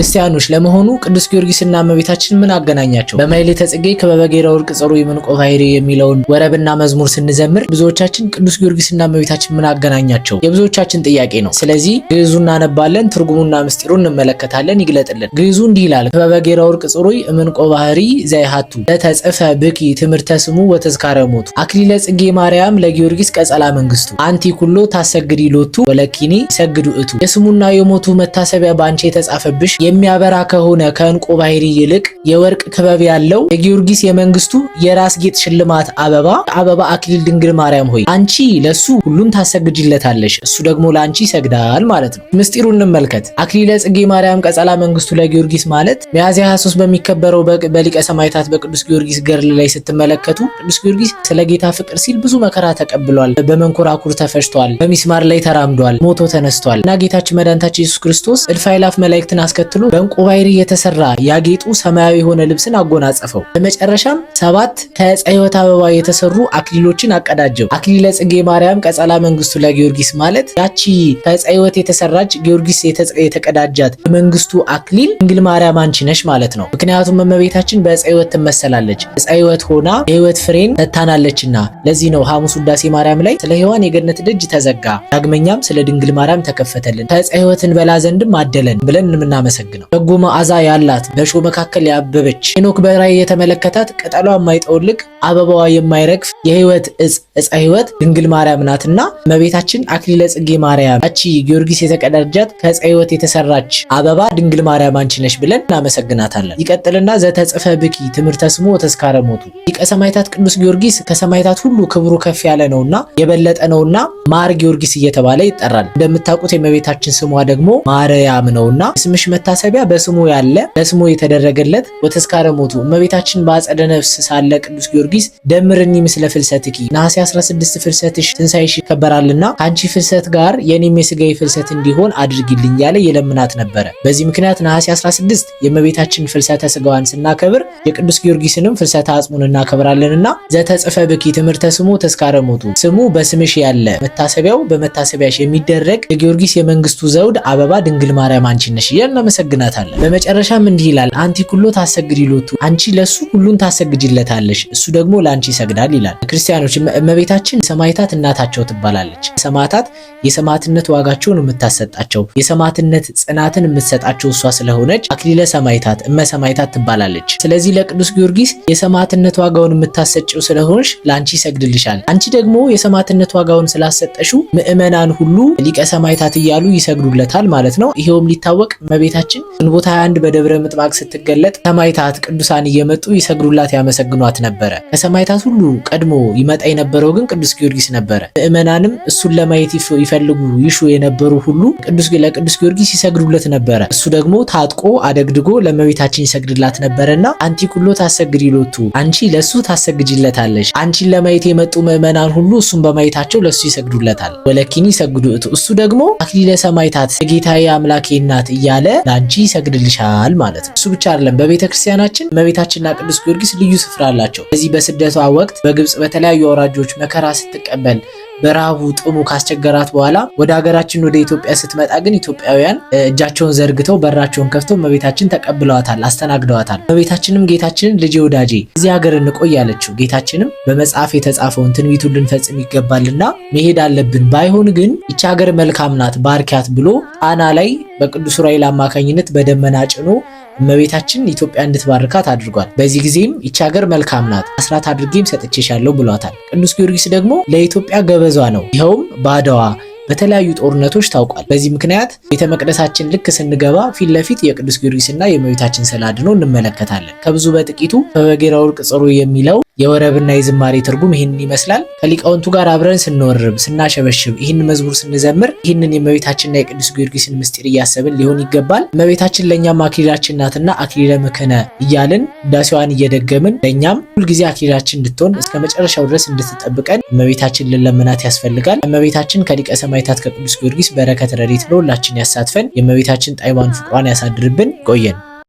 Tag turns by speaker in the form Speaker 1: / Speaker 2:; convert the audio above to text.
Speaker 1: ክርስቲያኖች ለመሆኑ ቅዱስ ጊዮርጊስና እመቤታችን ምን አገናኛቸው? በማኅሌተ ጽጌ ክበበ ጌራ ወርቅ ጽሩ ይምንቆ ባሕሪ የሚለውን ወረብና መዝሙር ስንዘምር ብዙዎቻችን ቅዱስ ጊዮርጊስና እመቤታችን ምን አገናኛቸው የብዙዎቻችን ጥያቄ ነው። ስለዚህ ግዕዙ እናነባለን፣ ትርጉሙና ምስጢሩ እንመለከታለን። ይግለጥልን። ግዕዙ እንዲህ ይላል። ክበበ ጌራ ወርቅ ጽሩ ይምንቆ ባሕሪ ዘይሃቱ ለተጽፈ ብኪ ትምህርተ ስሙ ወተዝካረ ሞቱ አክሊለ ጽጌ ማርያም ለጊዮርጊስ ቀጸላ መንግስቱ አንቲ ኩሎ ታሰግዲ ሎቱ ወለኪኒ ሰግዱ እቱ የስሙና የሞቱ መታሰቢያ በአንቺ የተጻፈብሽ የሚያበራ ከሆነ ከእንቆ ባህሪ ይልቅ የወርቅ ክበብ ያለው የጊዮርጊስ የመንግስቱ የራስ ጌጥ ሽልማት አበባ አበባ አክሊል ድንግል ማርያም ሆይ አንቺ ለሱ ሁሉን ታሰግጅለታለሽ፣ እሱ ደግሞ ለአንቺ ይሰግዳል ማለት ነው። ምስጢሩ እንመልከት። አክሊለ ጽጌ ማርያም ቀጸላ መንግስቱ ለጊዮርጊስ ማለት ሚያዝያ 23 በሚከበረው በሊቀ ሰማይታት በቅዱስ ጊዮርጊስ ገድል ላይ ስትመለከቱ ቅዱስ ጊዮርጊስ ስለ ጌታ ፍቅር ሲል ብዙ መከራ ተቀብሏል። በመንኮራኩር ተፈጭቷል በሚስማር ላይ ተራምዷል። ሞቶ ተነስቷል እና ጌታችን መድኃኒታችን ኢየሱስ ክርስቶስ እልፍ አእላፍ መላእክትን አስከትሎ ሲሉ በእንቁባይሪ የተሰራ ያጌጡ ሰማያዊ የሆነ ልብስን አጎናጸፈው። በመጨረሻም ሰባት ከፀይወት አበባ የተሰሩ አክሊሎችን አቀዳጀው። አክሊለ ጽጌ ማርያም ቀጸላ መንግስቱ ለጊዮርጊስ ማለት ያቺ ከፀይወት የተሰራች ጊዮርጊስ የተቀዳጃት መንግስቱ አክሊል ድንግል ማርያም አንቺ ነሽ ማለት ነው። ምክንያቱም እመቤታችን በፀይወት ትመሰላለች። ፀይወት ሆና የህይወት ፍሬን ተታናለችና ለዚህ ነው ሐሙስ ውዳሴ ማርያም ላይ ስለ ሔዋን የገነት ደጅ ተዘጋ፣ ዳግመኛም ስለ ድንግል ማርያም ተከፈተልን፣ ከፀይወትን በላ ዘንድም አደለን ብለን የምናመሰ የምናመሰግነው። በጎ መዓዛ ያላት በሾ መካከል ያበበች ሄኖክ በራይ የተመለከታት ቅጠሏ የማይጠውልግ አበባዋ የማይረግፍ የህይወት እጽ እፀ ህይወት ድንግል ማርያም ናትና እመቤታችን አክሊለ ጽጌ ማርያም አቺ ጊዮርጊስ የተቀዳጃት ከእፀ ህይወት የተሰራች አበባ ድንግል ማርያም አንቺ ነሽ ብለን እናመሰግናታለን። ይቀጥልና ዘተጽፈ ብኪ ትምህርተ ስሙ ተስካረ ሞቱ ሊቀ ሰማዕታት ቅዱስ ጊዮርጊስ ከሰማዕታት ሁሉ ክብሩ ከፍ ያለ ነውና የበለጠ ነውና ማር ጊዮርጊስ እየተባለ ይጠራል። እንደምታውቁት የእመቤታችን ስሟ ደግሞ ማርያም ነውና ስምሽ መታ መታሰቢያ በስሙ ያለ ለስሙ የተደረገለት ወተስካረ ሞቱ እመቤታችን በአጸደ ነፍስ ሳለ ቅዱስ ጊዮርጊስ ደምርኒ ምስለ ፍልሰትኪ ነሐሴ 16 ፍልሰትሽ ትንሣኤሽ ይከበራልና ከአንቺ ፍልሰት ጋር የኔም የስጋዬ ፍልሰት እንዲሆን አድርጊልኝ ያለ የለምናት ነበረ። በዚህ ምክንያት ነሐሴ 16 የእመቤታችን ፍልሰተ ስጋዋን ስናከብር የቅዱስ ጊዮርጊስንም ፍልሰተ አጽሙን እናከብራለንና ዘተጽፈ ብኪ ትምህርተ ስሙ ተስካረ ሞቱ ስሙ በስምሽ ያለ መታሰቢያው በመታሰቢያሽ የሚደረግ የጊዮርጊስ የመንግስቱ ዘውድ አበባ ድንግል ማርያም አንቺ ነሽ እያልን እናመሰግናታለን። በመጨረሻም እንዲህ ይላል፣ አንቲ ኩሎ ታሰግድ ይሎቱ፣ አንቺ ለሱ ሁሉን ታሰግጅለታለሽ፣ እሱ ደግሞ ለአንቺ ይሰግዳል ይላል። ክርስቲያኖች እመቤታችን ሰማይታት እናታቸው ትባላለች። ሰማታት የሰማትነት ዋጋቸውን የምታሰጣቸው የሰማትነት ጽናትን የምትሰጣቸው እሷ ስለሆነች አክሊለ ሰማይታት እመ ሰማዕታት ትባላለች። ስለዚህ ለቅዱስ ጊዮርጊስ የሰማትነት ዋጋውን የምታሰጭው ስለሆንሽ ለአንቺ ይሰግድልሻል። አንቺ ደግሞ የሰማትነት ዋጋውን ስላሰጠሽው ምእመናን ሁሉ ሊቀ ሰማይታት እያሉ ይሰግዱለታል ማለት ነው። ይሄውም ሊታወቅ እመቤታችን እመቤታችን ግንቦት 21 በደብረ ምጥማቅ ስትገለጥ ሰማይታት ቅዱሳን እየመጡ ይሰግዱላት ያመሰግኗት ነበረ። ከሰማይታት ሁሉ ቀድሞ ይመጣ የነበረው ግን ቅዱስ ጊዮርጊስ ነበረ። ምእመናንም እሱን ለማየት ይፈልጉ ይሹ የነበሩ ሁሉ ለቅዱስ ጊዮርጊስ ይሰግዱለት ነበረ። እሱ ደግሞ ታጥቆ አደግድጎ ለእመቤታችን ይሰግድላት ነበረና አንቲ ኩሎ ታሰግድ ይሎቱ አንቺ ለእሱ ታሰግጅለታለች። አንቺን ለማየት የመጡ ምእመናን ሁሉ እሱን በማየታቸው ለሱ ይሰግዱለታል። ወለኪኒ ይሰግዱ እቱ እሱ ደግሞ አክሊለ ሰማዕታት የጌታዬ አምላኬ እያለ ላንቺ ይሰግድልሻል ማለት ነው። እሱ ብቻ አይደለም፣ በቤተ ክርስቲያናችን እመቤታችንና ቅዱስ ጊዮርጊስ ልዩ ስፍራ አላቸው። በዚህ በስደቷ ወቅት በግብፅ በተለያዩ አውራጆች መከራ ስትቀበል በረሃቡ ጥሙ ካስቸገራት በኋላ ወደ ሀገራችን ወደ ኢትዮጵያ ስትመጣ ግን ኢትዮጵያውያን እጃቸውን ዘርግተው በራቸውን ከፍተው መቤታችን ተቀብለዋታል፣ አስተናግደዋታል። እመቤታችንም ጌታችንን ልጄ ወዳጄ እዚህ ሀገር እንቆይ ያለችው ጌታችንም በመጽሐፍ የተጻፈውን ትንቢቱን ልንፈጽም ይገባልና መሄድ አለብን፣ ባይሆን ግን ይቺ ሀገር መልካም ናት ባርኪያት ብሎ ቃና ላይ በቅዱስ ዑራኤል አማካኝነት በደመና ጭኖ እመቤታችን ኢትዮጵያ እንድትባርካት አድርጓል። በዚህ ጊዜም ይቺ ሀገር መልካም ናት፣ አስራት አድርጌም ሰጥቼሻለሁ ብሏታል። ቅዱስ ጊዮርጊስ ደግሞ ለኢትዮጵያ ገበዟ ነው። ይኸውም በአድዋ በተለያዩ ጦርነቶች ታውቋል። በዚህ ምክንያት ቤተ መቅደሳችን ልክ ስንገባ ፊት ለፊት የቅዱስ ጊዮርጊስና የእመቤታችን ስዕለ አድኖ እንመለከታለን። ከብዙ በጥቂቱ በበጌራ ወርቅ ጽሩ የሚለው የወረብና የዝማሬ ትርጉም ይህንን ይመስላል። ከሊቃውንቱ ጋር አብረን ስንወርብ፣ ስናሸበሽብ፣ ይህን መዝሙር ስንዘምር ይህንን የእመቤታችንና የቅዱስ ጊዮርጊስን ምስጢር እያሰብን ሊሆን ይገባል። እመቤታችን ለእኛም አክሊላችን ናትና አክሊለ ምክነ እያልን ዳሴዋን እየደገምን ለእኛም ሁልጊዜ አክሊላችን እንድትሆን እስከ መጨረሻው ድረስ እንድትጠብቀን እመቤታችን ልንለምናት ያስፈልጋል። እመቤታችን ከሊቀ ሰማዕታት ከቅዱስ ጊዮርጊስ በረከት ረድኤት ለሁላችን ያሳትፈን። የእመቤታችን ጣዕሟን ፍቅሯን ያሳድርብን። ቆየን